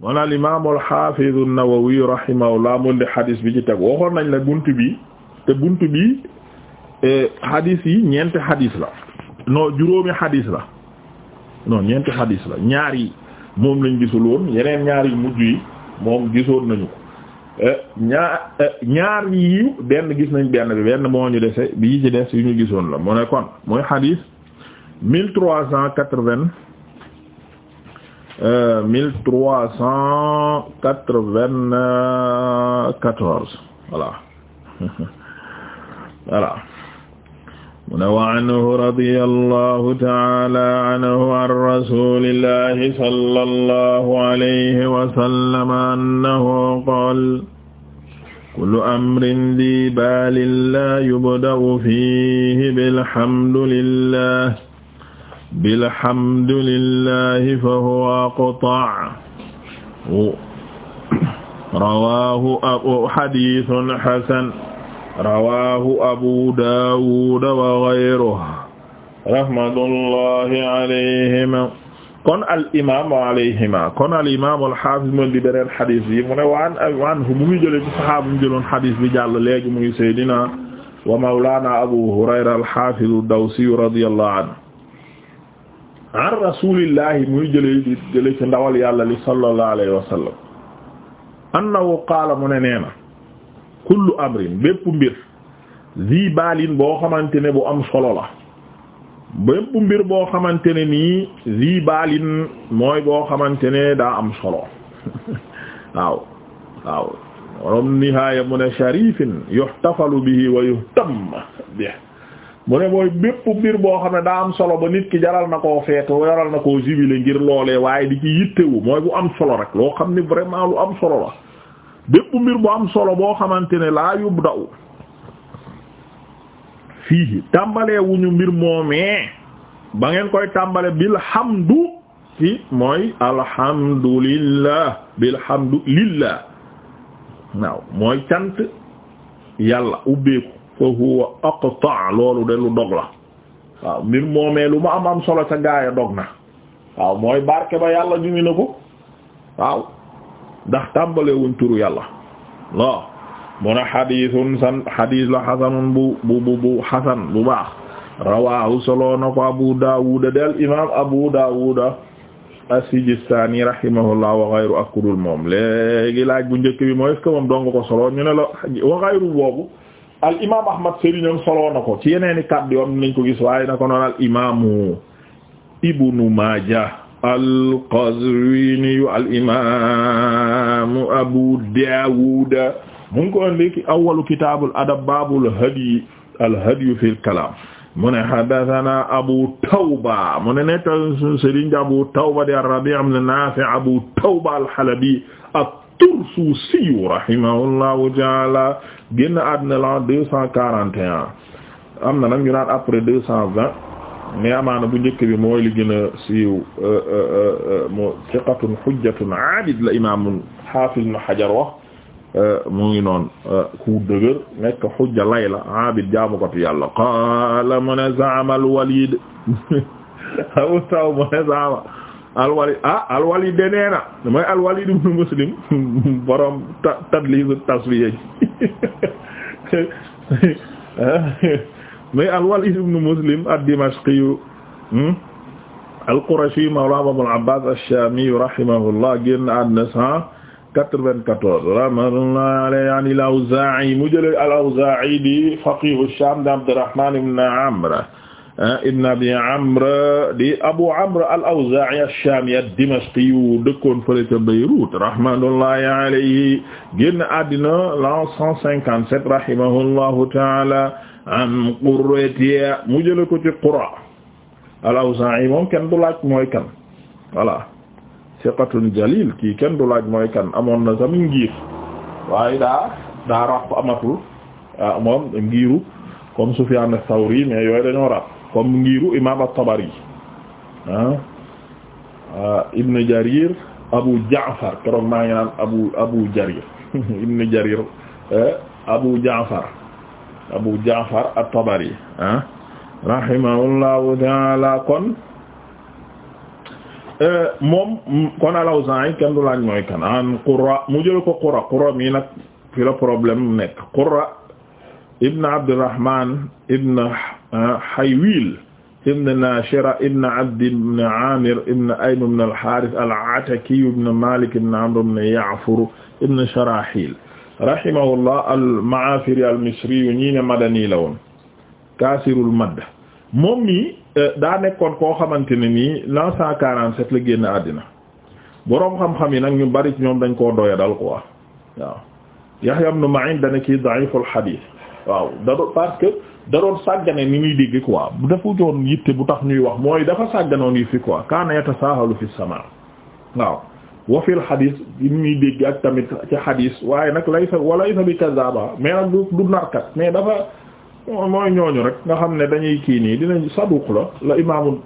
moon al imam al hafiz an-Nawawi rahimahullah mun di hadis bi ci teg waxoon nañ la bunt bi te bunt bi e, hadis yi ñeenti hadis la non juróomi hadis la non ñeenti hadis la ñaar yi moom lañ gisul woon yeneen ñaar yu mujj yi moom gisoon nañu ko e, ñaar e, ñaar yi benn gis nañ benn bi benn moo ñu dese bii ci des yu ñu gisoon la mu ne kon mooy hadis mille trois cent quatre-vingt Euh, mille trois cent quatre-vingt-quatorze voilà voilà mu ne wa anhu radiya allahu taala anhu an rasulillahi sallallahu alayhi wa sallam annahu qaala kullu amrin dhi baalin laa yubda'u fiihi bilhamdulillah bilhamdulillahi fa huwa aqta' rawaahu hadiisun hasan rawaahu abu daawud wa ghayruhu rahmatullahi alayhima kon al imaam alayhima kon al imaam al haafiz mu di beneen xadis bi mu ne waan waan mu ngi jëlee ci saxaaba mu jëloon xadis bi jàll léegi mu ngi seydina wa mawlaana abu hurayra al haafiz ad-dawsi radiyallahu anhu an rasulillahi muy jëlee di jëlee ci ndawal yàlla li sallallahu alayhi wa sallam annahu qaala mu ne nee na kullu amrin bépp mbir zi baalin boo xamante ne bu am solo la bépp mbir boo xamante ne nii zi baalin mooy boo xamante ne daa am solo waaw waaw rom nihaaya mu ne sharifin yuhtafalu bihi wa yuhtam bihi mu ne mooy bépp mbir boo xam ne daa am solo ba nit ki jaral na koo feete jaral na koo jibile ngir loolee waaye di ci yittewu mooy bu am solo rek loo xam ne vraiment lu am solo la bépp mbir bu am solo boo xamante ne laa yub daw fii tàmbalee wuñu mbir moomee ba ngeen koy tàmbale bilhamdu ci mooy alhamdulillah xamdu lillah waaw mooy cant yàlla ubbeeku fa huwa aqta loolu de lu dog la waaw mbir moomee lu mu am am solo ca gaaya dog na waaw mooy barke ba yàlla jungi na ko waaw ndax turu yàlla loo mu ne xadiisun san bu xasan bu baax rawaahu solo na ko abu daawuda del imaam abu daawuda as-Sijistani rahimahullah wa ghayru ak kudul moom léegi laaj bu njëkk bi mooy est-ce que moom ko solo ñu ne la wa ghayru boobu al imaam Ahmad sëriñam soloo na ko ci yeneeni kàddu yoon nañ ko gis waaye na ko noon al imaamu Ibnu Maaja al Qazwini al imaamu Abu Daawud mu ngi ko andi ci awwalu kitaabul adab al kalaam mu ne haddasanaa Abu Tawba mu ne nettal sëriñ Abu Tawba di ar al Halabi at-Tarsusi rahimahullahu ta'ala génn àddina l'an la cent quarante et un am na nag ñu naan après deux cent vingt mais amaana bu njëkk bi mooy li gën a siiw euh, euh, euh, mu thiqatun hujjatun aabid la imaam Haafiz Ibn Hajar wax mu ngi noonu ku dëgër nekk hujja lay la aabid jaamukatu yàlla qaala al-Waliid aw taw mu ne alwali ah alwali de nee na mooy alwalid ibn muslim borom ta tadlisu taswiya mooy alwalid ibn muslim ad-dimashqiyu hmm? al-qurashi mawla abul abbas ash-shami rahimahullah génn àddina cent quatre-vingt-quatorze rahmatullahi alayhi an al-awza'i mu jële al-awza'i di faqihu ash-sham abdurrahman ibn amr Ah, ibn abi amr di abu amr al-awza'i ash-shami ad-dimashqi dëkkoon fële ca Beyrouth rahmatullahi alayhi génn àddina l'an 157 rahimahullahu ta'ala am qurratiya mu jële ko ci qura al-awza'i moom kenn du laaj mooy kan voilà siqatun jalil kii kenn du laaj mooy kan amoon na sam ngiir waaye daa daa rax amatul ah, moom ngiiru comme Sufyan as-Sawri mais yooyu dañoo rab comme ngiru imam at-Tabari ah, ah Ibn Jarir Abu Ja'far keroog maa ngi naan Abu Abu Jarir Ibn Jarir eh, Abu Ja'far Abu Ja'far at-Tabari ah rahimahullahu ta'ala kon eh, moom kon al-Awzaa'i kenn du laaj mooy kan an Qurra mu jël ko Qurra Qurra mii nag fi la problème nekk Qurra ibn Abdirahman ibn ah, Haywil ibn Nashira ibn Abd ibn Amir ibn Aym ibn al-Harith al-Ataki ibn Malik ibn Amr ibn Ya'fur ibn Sharahil rahimahullah al-Ma'afiri al-Misri ñii ne madani la woon kaasirul madd moom nii eh, daa nekkoon koo xamante ne nii l'an cent quarante-sept la génn àddina boroom xam-xam yi nag ñu bari ci ñoom dañ koo doya dal quoi waaw Yahya ibn Ma'in dana kii da'iful hadith waaw da doon parce que da doon sàggane ni muy dégg quoi dafa doon yitte bu tax ñuy wax mooy dafa sàgganoon yi fi quoi kaana yatasaahalu fi sama waaw wa fil xadis li muy dégg ak tamit ci xadis waaye nag laysa wa laysa bi kazaba mais nag du du narkat mais dafa mooy ñooñu rek nga xam ne dañuy kii nii dinañ saduq la la imaamu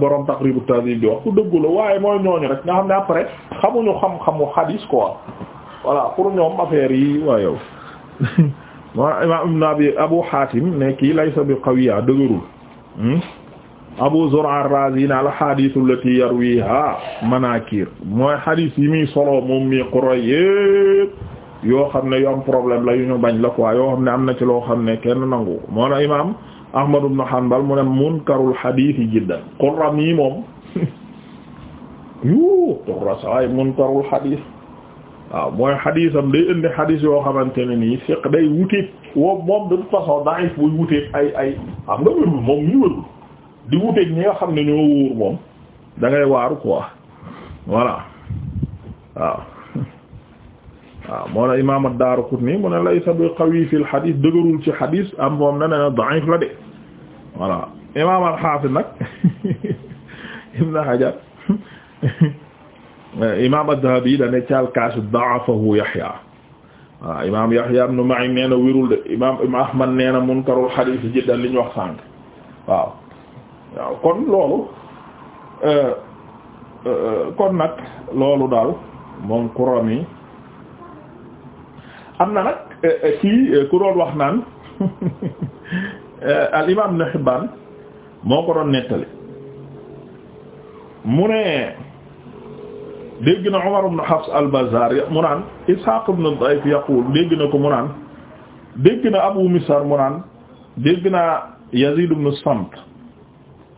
borom taqribu tahdhib di wax ku dëggu la waaye mooy ñooñu rek nga xam ne après xamuñu xam-xamu xadis quoi voilà pour ñoom affaire yi waa yow moo imam ibn abu hatim ne kii laysa bi qawiya dëgërul hmm? abu zur'a ar-razi na al hadith allati yarwiha manakir mooy hadith yi muy solo moom mi qurayb yépp yoo xam ne yu am problème la yu ñu bañ la quoi yoo xam ne am na ci loo xam ne kenn nangu moo na imam ahmad ibn hanbal mu ne munkarul hadith yi jiddan qurra mi moom yu qurra saay munkarul hadith waaw mooy xadiisam day indi xadiis yoo xamante ne nii fiq day wuteeg woo moom de toute façon daif buy ay ay xam nga wérul moom ñu wérul di wuteeg ñi nga xam ne ñoo wóor moom da ngay ko quoi voilà waaw waaw moo na imam ad-Daraqutni mu ne laysa bi qawi fil xadiis dëgërul ci xadiis am moom na ne daif la de voilà imam al-Hafiz nag Ibn Hajar Euh, imaam ad-Dhahabi da ne caal kaasu da'afahu Yahya waaw imaam Yahya ibn Ma'in nee na wérul de imaam Ibn Ahmad nee na munkarul hadiis jiddan li ñu wax sànq waaw waaw kon loolu euh, euh, kon nag loolu daal moom kuram yi am na nag kii ku doon wax naan al imaam Ibn Hibbaan moo ko doon nettali mu ne. dégg na Umar ibn Hafs al-Bazzar mu naan Ishaq ibn Dayf yaqul dégg na ko mu naan dégg na Abu Misar mu naan dégg na Yazid ibn Samt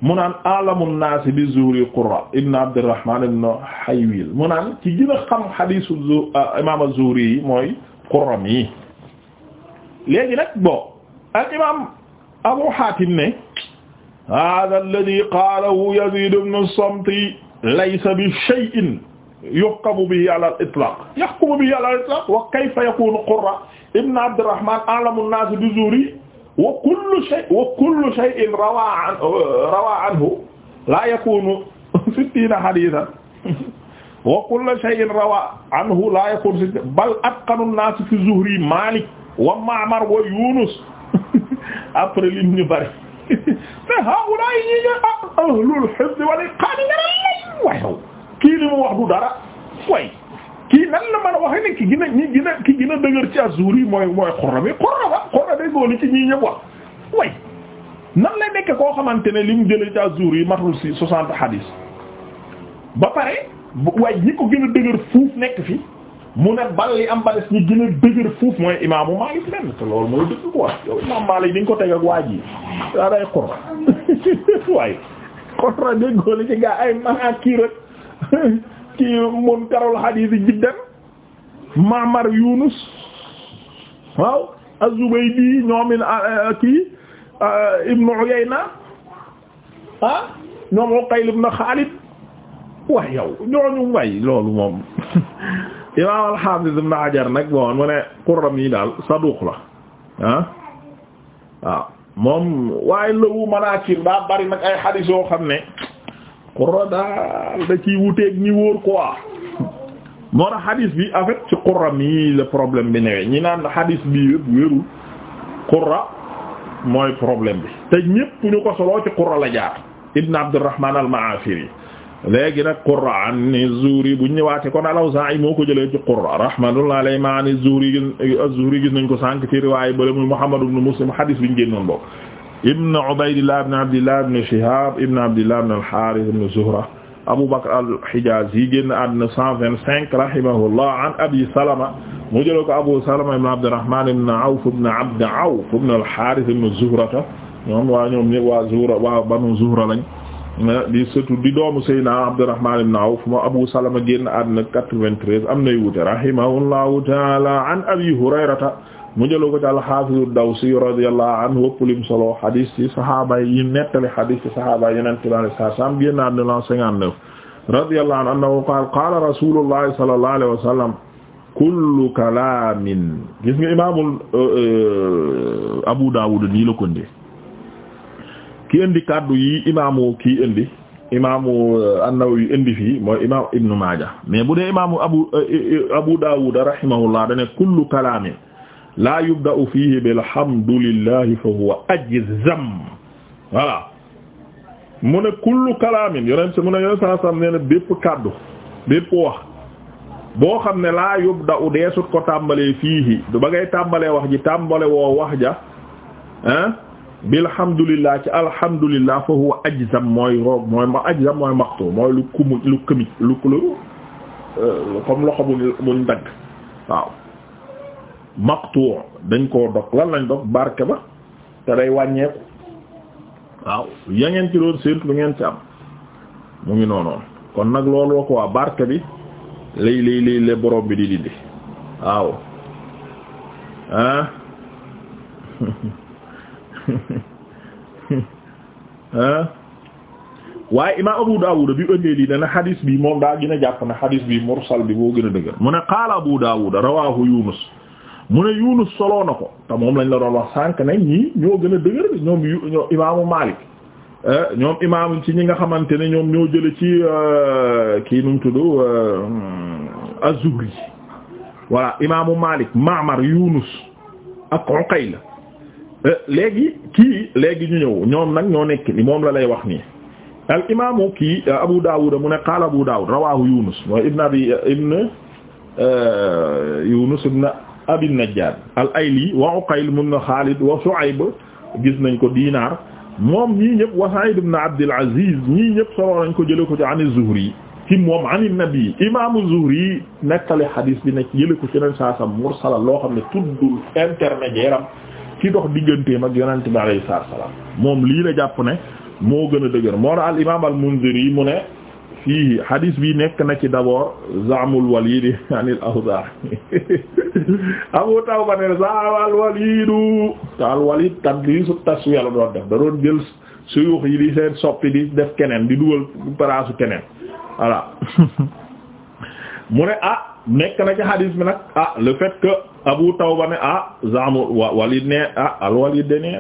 mu naan a'lamu an-nas bi Zuhri qurra ibn Abdurrahman ibn Haywil mu naan ci gën a xam hadisu ah, imam az-Zuhri yi mooy qurra mi léegi nag bon al imam Abu Hatim ne hadha alladhi qalahu Yazid ibn Samt laysa bi shay'in yuhkamu bihi ala al itlaq yahkumu bihi ala al itlaq wa kayfa yakunu qurra ibn abdirahman a'lamu an-nas bi zuri wa kullu shay wa kullu shay'in rawa an rawa anhu la yakunu sittina hadithan wa kullu shay'in rawa anhu la yakunu sittina bal atqanu an-nas fi zuhri malik wa ma'mar wa yunus après lim ñu bari fa haula yi ñi ahlul hifz wal iqaadi ngaral lay wayow kii li mu wax du dara way kii nan la mën a waxee ne ki gën a ñi ki gën a dëgër ci azuri mooy mooy xorra bi xorra ba xorra day góor ci ñii ñëpp wax way nan nekk koo xamante ne li mu jëlee ci azuri matul si soixante hadis ba pare waaye ñi ko gën a dëgër fuuf nekk fi mu ne bal li am balis ñi a dëgër fuuf mooy imaamu Maalik lenn te loolu mooy dëgg quoi yow imaamu Maalik di nga ko teg ak waa ji daa day xorra waaye xorra day góor gaa ay manaa kii rek kii munkarul hadiis jiddan Ma'mar Yunus waaw Az-Zubaydi ñoomin ah, kii ah, ibnu Uyayna ah ñoom Uqayl ibn Xaalid waaye yow ñooñu way loolu moom imaam al-Haafiz ibn Hajar nag bon mu i Qurrami daal saduq la ah waaw ah, moom waaye lëwu manaakir daa bari nag ay hadiis yoo xam ne qurra daal da ci wuteeg ñi wóor quoi moo tax xadis bi en ci qurra mii le problème bi newee ñi naan xadis bi yëpp wérul qurra mooy problème bi te ñépp ñu ko soloo ci qurra la jaar ibn abdurrahman al-maafiri léegi nag qurra an zuhri bu ñëwaatee moo ko jëlee ci qurra rahmatullahi alayhi ma an zuhri gis nañ ko sànq ci riwaaya bale muy muhammad ibn muslim xadis bi ñu génnoon boobu ibn Ubaydillah ibn Abdillah ibn Shihab ibn Abdillah ibn al-Harith ibn Zuhra Abu Bakr al-Hijazi génn àddina 125 rahimahullah an Abi Salama mu jël ko Abu Salama ibn Abdurrahman ibn Awf ibn Abd Awf ibn al-Harith ibn Zuhrata ñoom waa ñoom ñëpp waa Zuhra waa Banu Zuhra lañ di surtout di doomu Seydina Abdurrahman ibn Awf mu Abu Salama génn àddina 93 am nay wuute rahimahullahu ta'ala an Abi Hurayrata mu jëloo ko ci al-Hafiz ad-Dawsi radiyallahu anhu wëpp lim solo hadis ci saxaaba yi nettali hadis ci saxaaba yeneen tubaab yi saa saam génn àdduna 59. radiyallahu anhu annahu qaala qaala rasuulullahi sallallahu alayhi wa sallam kullu kalaamin gis nga imaamul euh, euh, Abu Dawud nii la ko indee ki indi kaddu yi imaamu kii indi imaamu euh, an-Nawawi indi fii mooy imaam Ibn Maaja mais bu dee imaamu Abu Abu Dawud rahimahullah dane kullu kalaamin laa yubda'u fiihi bilhamdulillahi fa huwa ajzam voilà mu ne kullu kalaamin yonent mu ne yonent saa sam nee na bépp kàddu bépp wax boo xam ne laa yubda'u deesut ko tàmbalee fiihi du ba ngay tàmbalee wax ji tàmbale woo wax ja ah bilhamdulillah ci alhamdulillah fa huwa ajzam mooy roog mooy maxtu mooy lu kumu lu këmi lu lu euh, comme loxo buñ buñ dagg waaw maqtu dañ koo dog lan lañ dog barke ba te day wàññeeku waaw ya ngeen ci doon séentu lu ngeen si am mu ngi noonoon kon nag loolu wa waa barke bi lay lay lay le borom bi di dindi waaw ah ah waaye imaam Abu Dawud bi ëndee lii dana xadis bi moom daa gën a jàpp na xadis bi mursal bi boo gën a dëgër mu ne qaala Abu Dawud rawahu Yunus mu ne Yunus soloo na ko te moom lañ la doon wax sànq nañ ñii ñoo gën a dëgër bi ñoom ñoom imaamu Maalik eh, ñoom imaamu ci ñi nga xamante ne ñoom ñoo jële ci eh, kii nu mu tudd eh, Az-Zuhri voilà imaamu Maalik Ma'mar Yunus ak Uqayl léegi kii léegi ñu ñëw ñoom nag ñoo nekk ni moom la lay wax nii al imaamu kii Abu Dawud mu ne qaala Abu Dawud rawaahu Yunus mooy ibn Abi ibn Yunus ibn abi najjaad al ayli wa uqayl mun na xaalid wa shu'ayb gis nañ ko diinaar moom ñii ñëpp wa sa'id ibn abdul aziz ñii ñëpp solo nañ ko jële ko ci an az-zuhri ci moom an an-nabi imaamu zuhri nekkale xadiis bi nekk jële ko ci nen saa sa loo xam ne tuddul intermédiaire am ci dox digganteem ak yonent bi alayhi salaam moom lii la jàpp ne moo gën a dëgër moo al imaam al munziri mu ne fii hadis bi nekk na ci d'abord zaamul waliidi anil awzaa abu tawba ne zaamul waliidu te al waliid tadliisu taswiya la doon def da doon jël suyux yi di seen soppi di def keneen di dugal paraasu keneen voilà mu ne ah nekk na ci hadis bi nag ah le fait que abu tawba ne ah zaamul waliid ne ah al waliid de nee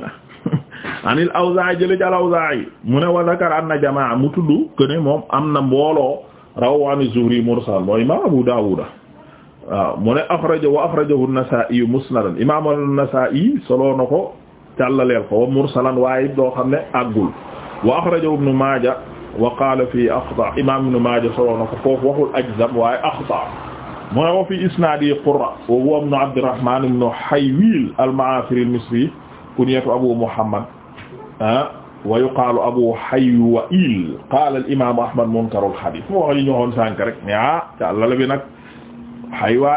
anil Awzaa'i jële ci al-Awzaa'i mu ne wa zakara anna jamaa mu tudd que ne moom am na mbooloo rawaani Zuhri mursal mooy imaam Abu Daawuda waaw mu ne axraja wa axrajahu an-Nasaa'i musnadan imaam an-Nasaa'i soloo na ko càllaleel ko wa mursalan waaye doo xam ne àggul wa axrajahu Ibnu Maaja wa qaala fii axta imaam Ibnu Maaja soloo na ko foofu waxul ajzam waaye axta mu ne wa fii isnaadi qurra wa huwa Ibnu Abdirrahmaan ibnu Haywiil al-Ma'aafiri al-Misri kunyatu Abu Muhammad Ah, wa yuqaalu abu haywa'il qaala al imaam rek mais ah càllale bi nag xaywa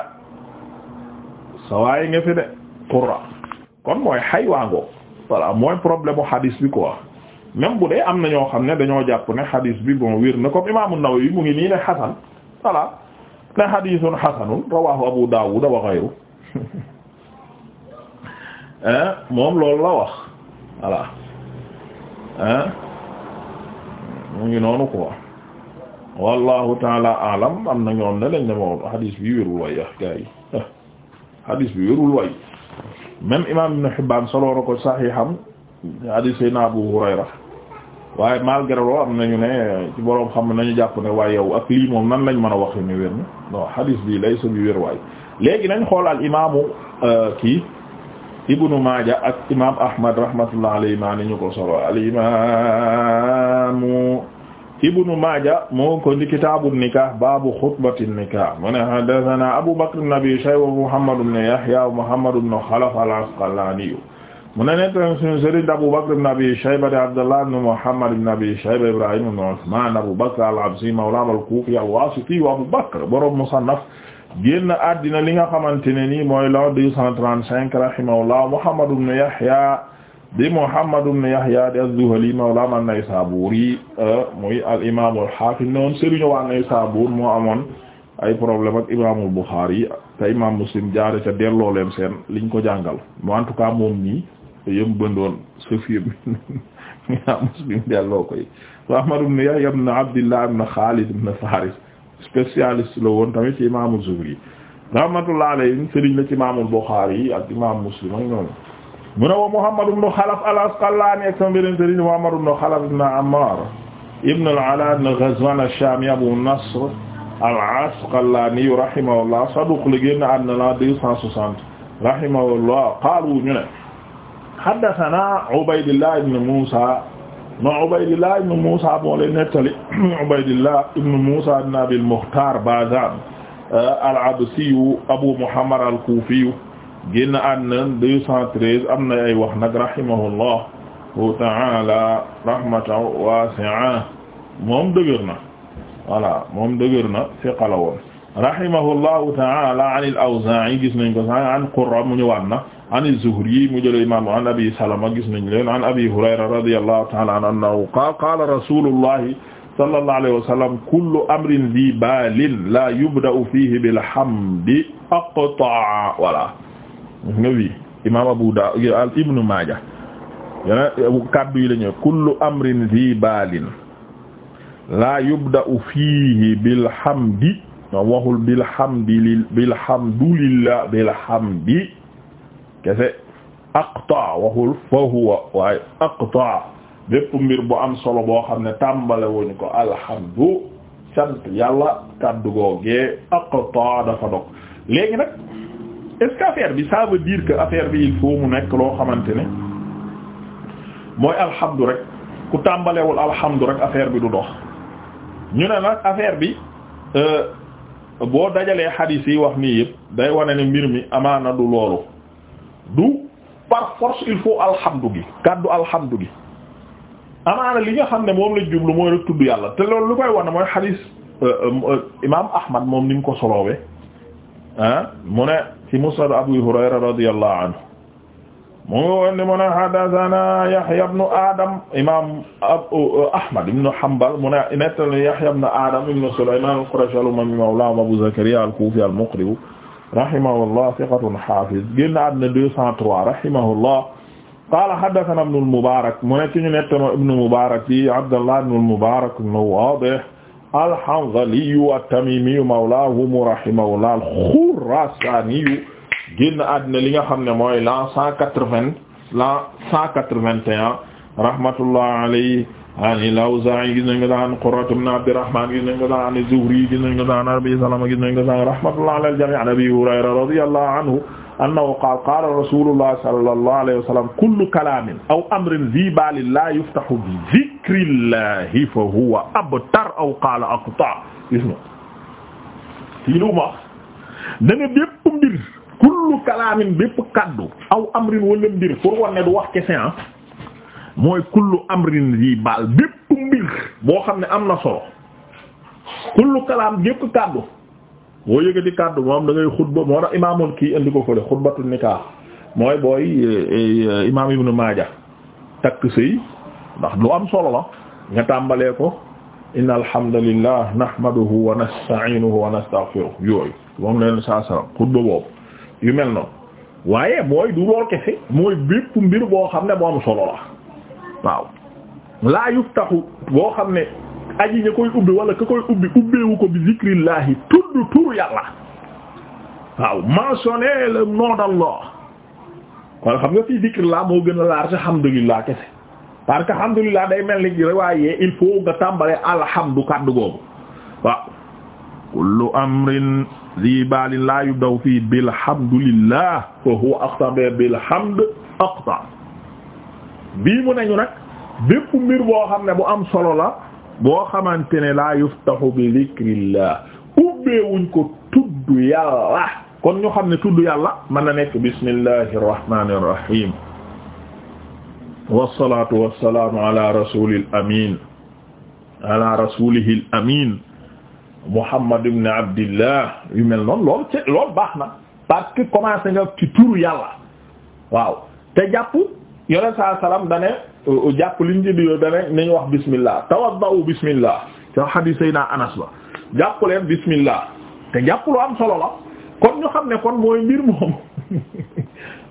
nga fi de qurra kon mooy xaywa ngoo mooy problème u bi quoi même bu am na ñoo xam ne dañoo jàpp ne hadis bi bon wér na comme imaamu Nawawi mu ngi nii ne xasan voilà ne hadisun xasanun rawahu abu daawud wa ghayru eh, moom loolu la wax ah mu ngi noonu quoi wallahu taala alam am na ñoom ne lañ ne moom hadis bi wérul way ah gars yi hadis bi wérul way même imam Ibn Hibban soloona ko sahiham hadis sayna Abu Hurayra waaye malgré loolu am nañu ne ci boroom xam nañu jàpp ne waaye yow ak lii moom nan lañ mën a wax ni wér na non hadis bi lay sa bi wér waay léegi nañ xool al imaamu euh, kii ibnu Maaja ak imaam Ahmad rahmatullah alayhi maa ni ñu ko solo al imaamu ibnu Maaja moo ko di kitaabu nikah baabu xutbati nikah mu ne haddathana Abu Bakr ibn Abi Shayba Muhammad ibn Yahya Muhammad ibn Khalaf al-Asqalani mu ne nekk suñu sëriñ Abu Bakr ibn Abi Shayba de Abdullah ibn Muhammad ibn Abi Shayba Ibrahim ibn Uthman Abu Bakr al-Absi mawla al-Kufi al-Wasiti wa Abu Bakr borom Musannaf génn àddina li nga xamante ne nii mooy la 235 rahimahullah Muhammad ibn Yahya di Muhammad ibn Yahya di az-Zuhali mawla man Naysaburi euh, muy al imam al hafiz noon sëriñu waa Naysabur moo amoon ay problème ak imamul Bukhari te imam Muslim jaare ca delloo leen seen liñ ko jàngal mo en tout cas moom nii yëm bëndoon safieb imam Muslim delloo koy Muhammad ibn Yahya ibn Abdillah ibn Khalid ibn Faris spécialiste la woon tamit ci imaamu Zuhri rahmatullah alayhi sëriñ la ci imaamul Bukhari yi ak imaamu Muslim ak ñoom mu ne wa Muhammad ibn Khalaf al-Asqalani ak sama beneen sëriñ Muhammad ibn Khalaf ibn Ammar ibn al-Ala ibn Ghazwan ash-Shami Abu Nasr al-Asqalani rahimahullah saduq la génn àddina la deux cent soixante rahimahullah qaalu ñu ne haddathana Ubaydullah ibn Musa ma Ubaydillah ibn Musa moo leen nettali Ubaydillah ibn Musa ibn Abil Mukhtar Bazan euh, al-Absiyu Abu Muhammad al-Kufiyu génn àddina 213 am na ay wax nag rahimahullah ta'ala rahmatan wasi'a moom dëgër na voilà moom dëgër na fiqa la woon rahimahullahu ta'ala an al-Awza'i gis nañ ko sa an Qurra mu ñëwaat na an az-Zuhri mu jële imam an Abi Salama gis nañ leen an Abi Hurayra radiyallahu ta'ala anhu annahu qaala qaala rasulullahi sallallahu alayhi wa sallam kullu amrin dhi baalin la yubda'u fihi bil hamdi aqta'a voilà nga wi imam Abu Dawud al Ibn Majah yeneen kaddu yi la ñu kullu amrin dhi baalin la yubda'u fihi bil hamdi waxul bil hamdi bil hamdulillah bil hamdi kese aqta waxul fa huwa waaye aqta bépp mbir bu am solo boo xam ne tàmbale wuñu ko alhamdu sant yàlla kàddu googee aqta dafa dog léegi nag est-ce que affaire bi ça veut dire que affaire bi il faut mu nekk loo xamante ne mooy alhamdu rek ku tàmbalewul alhamdu rek affaire bi du dox ñu ne nag affaire bi euh, boo dajalee xadiis yi wax nii yëpp day wane ne mbir mi amaana du loolu du par force il faut alhamdu gi kàddu alhamdu gi amaana li nga xam ne moom la jublu mooy rek tudd yàlla te loolu lu koy wane mooy xadiis euh, euh, euh, imaam Ahmad moom ni ko soloowe ah mu ne Abu Hurayra radiyallahu anhu mu ngi woon ne mu ne haddathana Yahya ibn Adam imaam Ahmad ibn Hanbal mu ne nettali Yahya ibn Adam ibn Sulayman al-Qurashi al-Umami mawla Abu Zakariya al-Kufi al-Muqri rahimahullah thiqatun hafiz génn àdduna deux cent trois rahimahullah qala haddathana ibnu al-Mubarak mu ne ci ñu nettama ibnu Mubarak yi Abdallah ibnu al-Mubarak ibnu Wadih al-Hanzaliyu at-Tamimiyu mawlahum rahimahullah al-Khurasaniyu génn àdduna li nga xam ne mooy l'an cent quatre-vingts l'an cent quatre-vingt-un rahmatullah alayhi an al-Awzaa'i gis nañ ko daan Qurratu ibn Abdirrahmaan gis nañ ko daan an az-Zuhri gis nañ ko daan Abi Salama gis nañ ko daan rahmatullahi ala al-jamii' an Abi Hurayra radiyallahu anhu annahu qaala qaala rasuulullahi sallallahu alayhi wa sallam kullu kalaamin aw amrin dhii baalin laa yuftahu bi dhikrillahi fa huwa abtar aw qaala aqta' gis nga fii lu ma da nga bépp mbir kullu kalaamin bépp kaddu aw amrin wala mbir pour wane du wax kese ah. mooy kullu amrin yi baal bépp mbir boo xam ne am na solo kullu kalaam gépp kàddu boo yëgati kàddu moom da ngay xutba moo tax ko fële xutbatul nikah mooy booy eh, eh, imaam ibnu maaja takk sëy ndax lu am solo la nga tàmbalee ko inna alhamdulillah nahmaduhu wa nasta'inuhu wa nastaghfiruh yooyu moom leen saa saa xutba boobu yu mel noonu waaye mooy du lool kese mooy bépp mbir boo xam ne bu am solo la waaw laa yuftahu boo xam ne aji ña koy ubbi wala ka koy ubbi ubbeewu ko bi zikrillahi tudd turu yàlla waaw mentionner le nom d'Allah kon xam nga fii zikrillah moo gën a laar ci alhamdulillah kese parce que alhamdulillah day mel ni riwaayé il faut nga tàmbalee alhamdu kaddu googu waaw kullu amrin zi balin laa yubdaw fii bilhamdulillah fa huwa aqta bilhamd aqta bii mu nañu nag bépp mbir boo xam ne bu am solo la boo xamante ne laa yuftahu bi zikrillah ubbeewuñ ko tudd yàlla kon ñu xam ne tudd yàlla mën na nekk bismillahi irrahmani irrahim wassalatu wassalaamu ala rasulil amin ala rasulihil yu mel noonu loolu ci loolu baax na parce que commencé nga ci turu yàlla waaw te jàpp yonent saa salaam dane jàpp liñ ci diyo dane nañ wax bismillah tawaddau bismillah ca xadiis Seydina Anas ba jàpp leen bismillah te jàpp lu am solo la kon ñu xam ne kon mooy mbir moom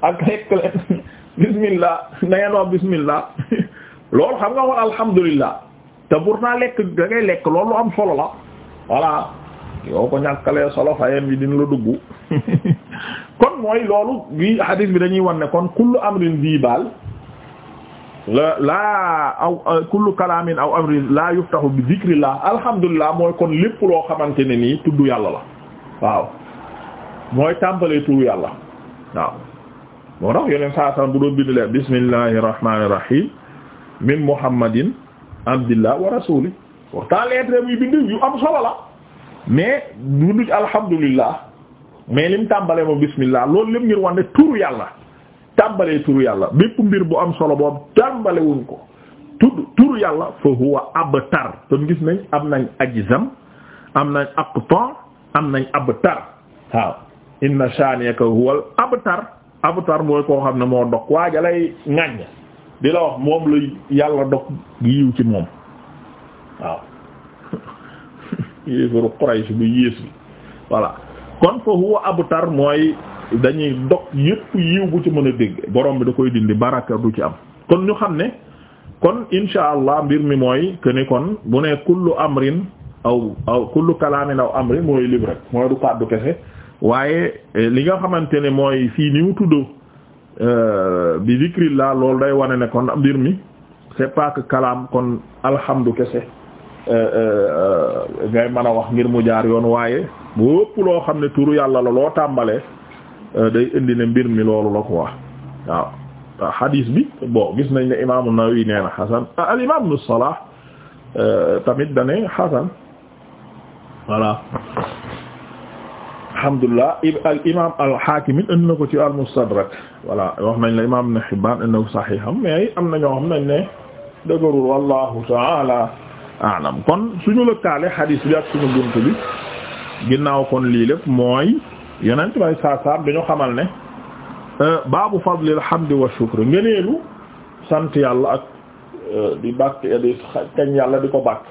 ak lekk leen bismillah na ngeen wax bismillah loolu xam nga woon alhamdulillah te pourtant lekk da ngay lekk loolu am solo la voilà yoo ko ñàkkalee solo fayeen bi dina la dugg kon mooy loolu bi hadis bi dañuy wan kon kullu amrin bii baal la laa aw euh, kullu kalaamin aw amrin laa yuftahu bi dhikrillah alhamdulillah mooy kon lépp loo xamante ne nii tudd yàlla la waaw mooy tàmbalee turu yàlla waaw moo tax yeneen saa san bu doon bind leen min muhammadin abdillah wa rasuli pourtant lettre muy bind yu am solo la mais du duj alhamdulillah mais lim tàmbale moom bismillah loolu lépp ngir wax ne turu yàlla tàmbalee turu yàlla bépp mbir bu am solo boobu tàmbalewuñ ko tudd turu yàlla fa huwa abtar kon gis nañ am nañ ajzam am nañ aqta am nañ abtar waaw inna shaniyaka huwal abtar abtar mooy koo xam ne moo dog waaja lay ŋàññ di la wax moom lu yàlla dog yiw ci moom waaw yéefaru Quraysh bu yées bi voilà kon fa huwa abtar mooy dañuy dog yépp yiw bu ci mën a dégg borom bi da koy dindi baraka du ci am kon ñu xam ne kon insha allah mbir mi mooy que kon bu ne kullu amrin aw aw kullu kalaamin aw amrin mooy lib mooy du kàddu kese waaye eh, li nga xamante ne mooy fii ni mu tudd euh, bi zikrillah loolu day wane ne kon mbir mi c'est pas que kalaam kon alhamdu kese Euh, euh, euh, ngay mën a wax ngir mu jaar yoon waaye bu ëpp loo xam ne turu yàlla la loo tàmbalee day indi ne mbir mi loolu la quoi waaw waaw bi bon gis nañ ne imaamu Nawawi nee na xasan ah, al imaam Ibnu Salaah tamit dane xasan voilà alhamdulillah al imaam al Haakim indi na ko ci al Mustadrak voilà wax nañ la imaam Ibnu Hibbaan indi na ko saxiixam mais am na ñoo xam nañ ne dëgërul wallahu taala alam kon suñu lëkkaale xadiis bi ak suñu bunt bi ginnaaw kon lii lépp mooy yonent bay saasaam dañu xamal ne euh, baabu fadlil hamdi wa shukr ngeneelu sant yàlla ak euh, di bàkk yàlla di ko bàkk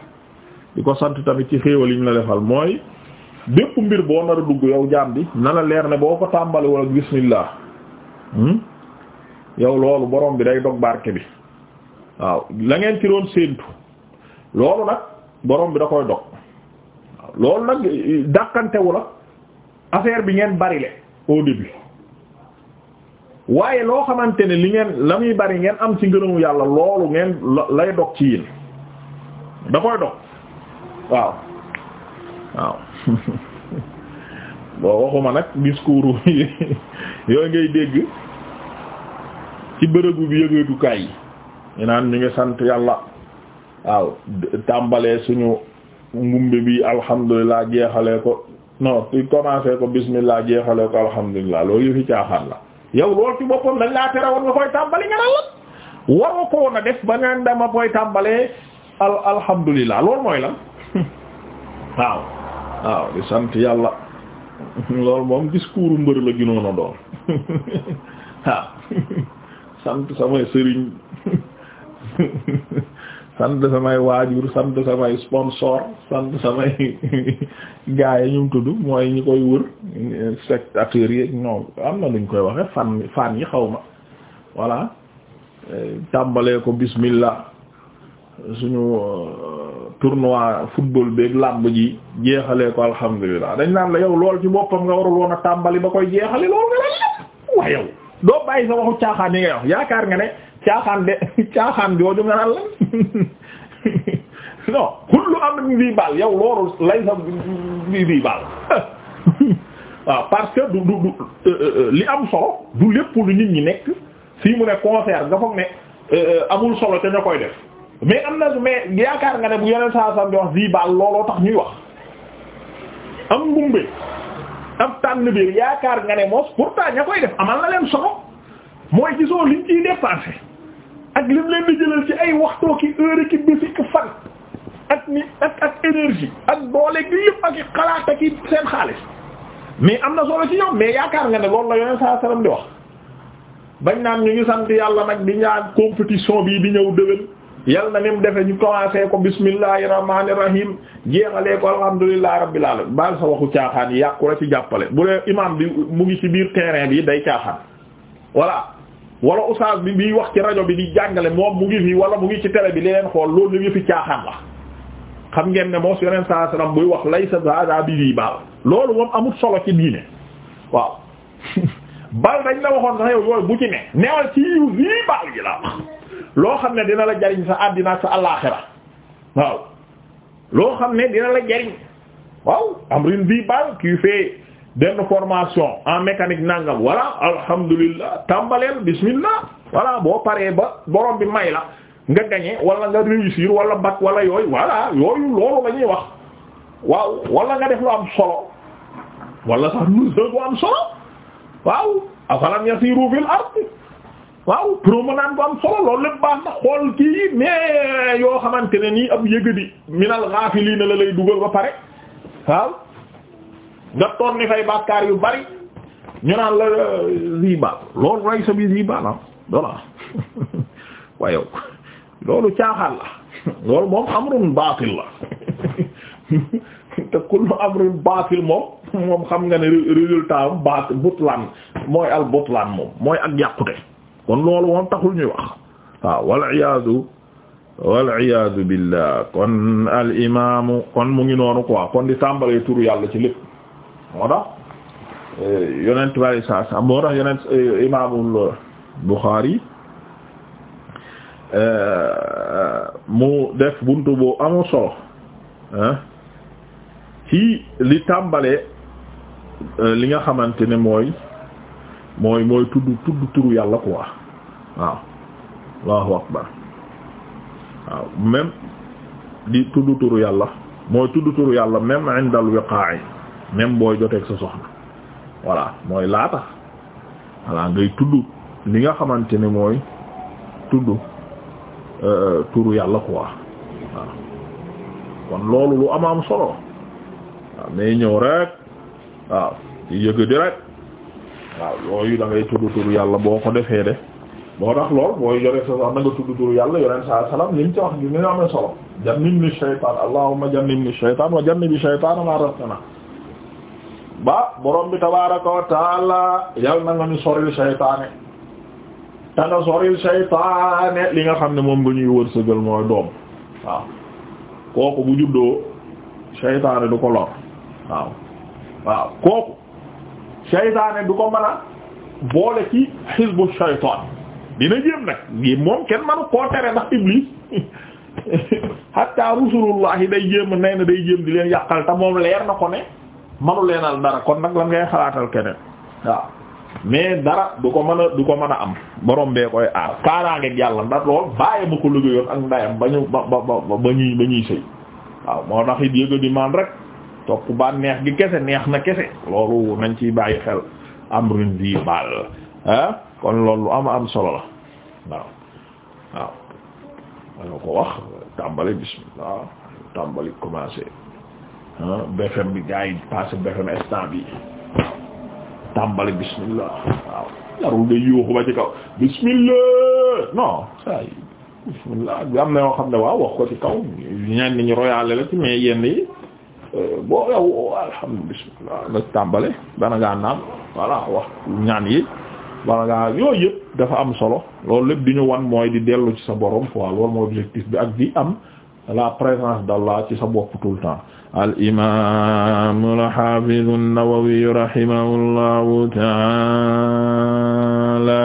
di ko sant tamit ci xéewal yi ñu la defal mooy bépp mbir boo nar dugg yow jaam bi na la leer ne boo ko tàmbali wala bismillah hmm? yow loolu borom bi day dog barke bi waaw la ngeen ci doon séentu loolu nag borom bi da koy dog loolu nag dàqantewu la affaire bi ngeen bari le au début waaye loo xamante ne li ngeen la muy bari ngeen am ci ngërëmu yàlla loolu ngeen lay dog ci yéen da koy dog waaw waaw boo waxuma nag discours yooyu ngay dégg ci bërëbu bi yëgeetukaay yi ñu naan ñu ngi sant yàlla waaw tàmbalee suñu ngumbi bi alhamdulilah jeexale ko non i ko bismillah jeexalee ko alhamdulilah loolu yëfi caaxaan la yow loolu ci boppam dañ laa tere woon nga koy tàmbali nga naan la waroo ko woon a def ba nga dama koy tàmbalee al alhamdulilah loolu mooy lan waaw waaw di sant yàlla loolu moom discours mbër la ginoon doon waaw sant samay sëriñ sant samay waajur sant samay sponsor sant samay gaay yi ñu tudd mooy ñu koy wër spectateurs yi ñoom am na luñ koy waxe fan fan yi xaw ma voilà eh, tàmbalee ko bismillah suñu euh, tournoi football beeg làmb ji jeexalee ko alhamdulilah dañ naan la yow lool ci boppam nga warul woon a tàmbali ba koy jeexale lool nga la wax yow doo bàyyi sa waxu caaxaan yi nga wax yaakaar nga ne caaxaan de caaxaan jooju nga naan la non kullu amrin bii baal yow loolu lay sa bii bii baal waaw parce que du du euh, euh, euh, li am solo du lépp lu nit ñi nekk fii mu ne concert nga foog ne amul solo te ña koy def mais am na mais yaakaar nga ne bu yeneen saa saa di wax bii baal tax ñuy wax am tànn biir yaakaar nga ne moos pourtant ña koy def amal na leen solo mooy gisoo liñ ciy dépensé ak lim leen di jëlal ci ay waxtoo ki heure ki bisi ki ak ni ak ak énergie ak doole gi yëpp ak i xalaat ak i seen xaalis mais am na solo ci ñoom mais yaakaar nga ne loolu la yoneen saa saram di wax bañ naan ñu ngi sant yàlla nag di ñaan compétition bi di ñëw déwén yal na ni mu defe ñu commencé ko bismillahi rahmaani rahim jeexalee ko alhamdulillahi rabbil alamin baal sa waxu caaxaan yi yàqu la ci jàppale bu dee imam bi mu ngi ci biir terrain bi day wala oustaz bi miy wax ci rajo bi di jàngale moom mu ngi fi wala mu ngi ci télé bi li leen xool loolu la fi caaxaan la xam ngeen ne moos yeneen saa salaam buy wax lay sa hada bi bii baal loolu moom amul solo ci diine waaw bal dañ la waxoon sax yooyu bu ci ne neewal ci yiw bii baal loo xam ne dina la jariñ sa àddina sa àllaaxira waaw loo xam ne dina la jariñ waaw amrin bii baal kii fee benn formation en mécanique nangam wala alhamdulillah tàmbaleel bismillah voilà boo paree ba borom bi may la nga gagné wala nga réussir wala bac wala yooyu voilà yooyu loolu la ñuy wax waaw wala nga def lu am solo wala sax nuse bu am solo waaw afalam yasiru fil ard waaw promenade bu am solo loolu lépp baax na xool kii mais yoo xamante ne nii ab yëgadi minal ghafilina la lay dugal ba pare waaw nga toon ni fay bàkkaar yu bari ñu naan la ziba euh, lool rey bi ziba la voilà waaye loolu caaxaan la loolu moom amrun baatil la te kullu amrun baatil moom moom xam nga ne résultat butlan mooy al butlan moom mooy ak yàqute kon loolu moom taxul ñuy wax waaw wal iyaadu wal iyaadu billah kon al imaamu kon mu ngi noonu quoi kon di tàmbalee turu yàlla ci lépp Euh, moo tax yonent bari euh, imaamul Bukhari euh, mu def buntu bu amul solo ci li tàmbale li nga xamante ne mooy mooy mooy tudd tudd turu yàlla quoi waaw allahu akbar waaw même di tudd turu yàlla mooy tudd turu yàlla même indal wiqaa'i même booy joteeg sa soxna voilà mooy laa tax voilà ngay tudd li nga xamante ni mooy tudd euh, turu yàlla quoi waaw kon loolu lu ama am solo waaw mais ñëw rek waaw ci yëg di rek waaw yooyu da tudd turu yàlla boo ko defee de boo tax lool booy joteeg sa soxna nga tudd turu yàlla yoneen sa salaam li mu ci wax gi ni amee solo jannib ni shaytaan allahumma jannib ni shaytaan wa jannib shaytaan ma razaqtana ba borom bi tabaaraka wa taala yal na nga ñu soril seytaane te nga soril seytaane li nga xam ne moom nga ñuy wërsëgal mooy doom waaw kooku bu juddoo seytaane du ko lor waaw waaw kooku seytaane du ko mën boole ci xisbu seytaan dina jéem nag gi moom kenn manu koo tere ndax iblis hatta rusulullahi day jéem nay na day jéem di leen yàqal te moom leer na ko ne manu leenal dara kon nag la ngay xalaatal keneen waaw mais dara du ko mën a du ko mën a am borom bee koy aar kaaraangeeg yàlla ndax lool bàyyi ma ko liggéeyoon ak ndayam ba ñu ba ba ñuy sëy waaw moo tax it yëga di man rek topp ba neex gi kese neex na kese loolu nañ ci bàyyi xel am run bi baal ah kon loolu am am solo la waaw waaw dañoo ko wax tàmbali bismillah tàmbali commencé BFM bi gaa yi passé BFM instant bi waaw tàmbali bismillah waaw jarul nga yuuxu ba ci kaw bismillah non saa yi am na yoo xam ne waaw wax ko ci kaw ñenn ñu royaale la ci mais yenn yi euh, boo yow alhamdulilah bismillah nga tàmbale dana ngaa naan voilà wax ñaan yi bala ngaa yooyu yëpp dafa am solo loolu lépp di ñu wan mooy di dellu ci sa borom quoi loolu mooy objectif bi ak di am la présence d'Allah ci sa bopp tout le temps al-imaamu al-haafizu an-Nawawi rahimahullahu ta'aala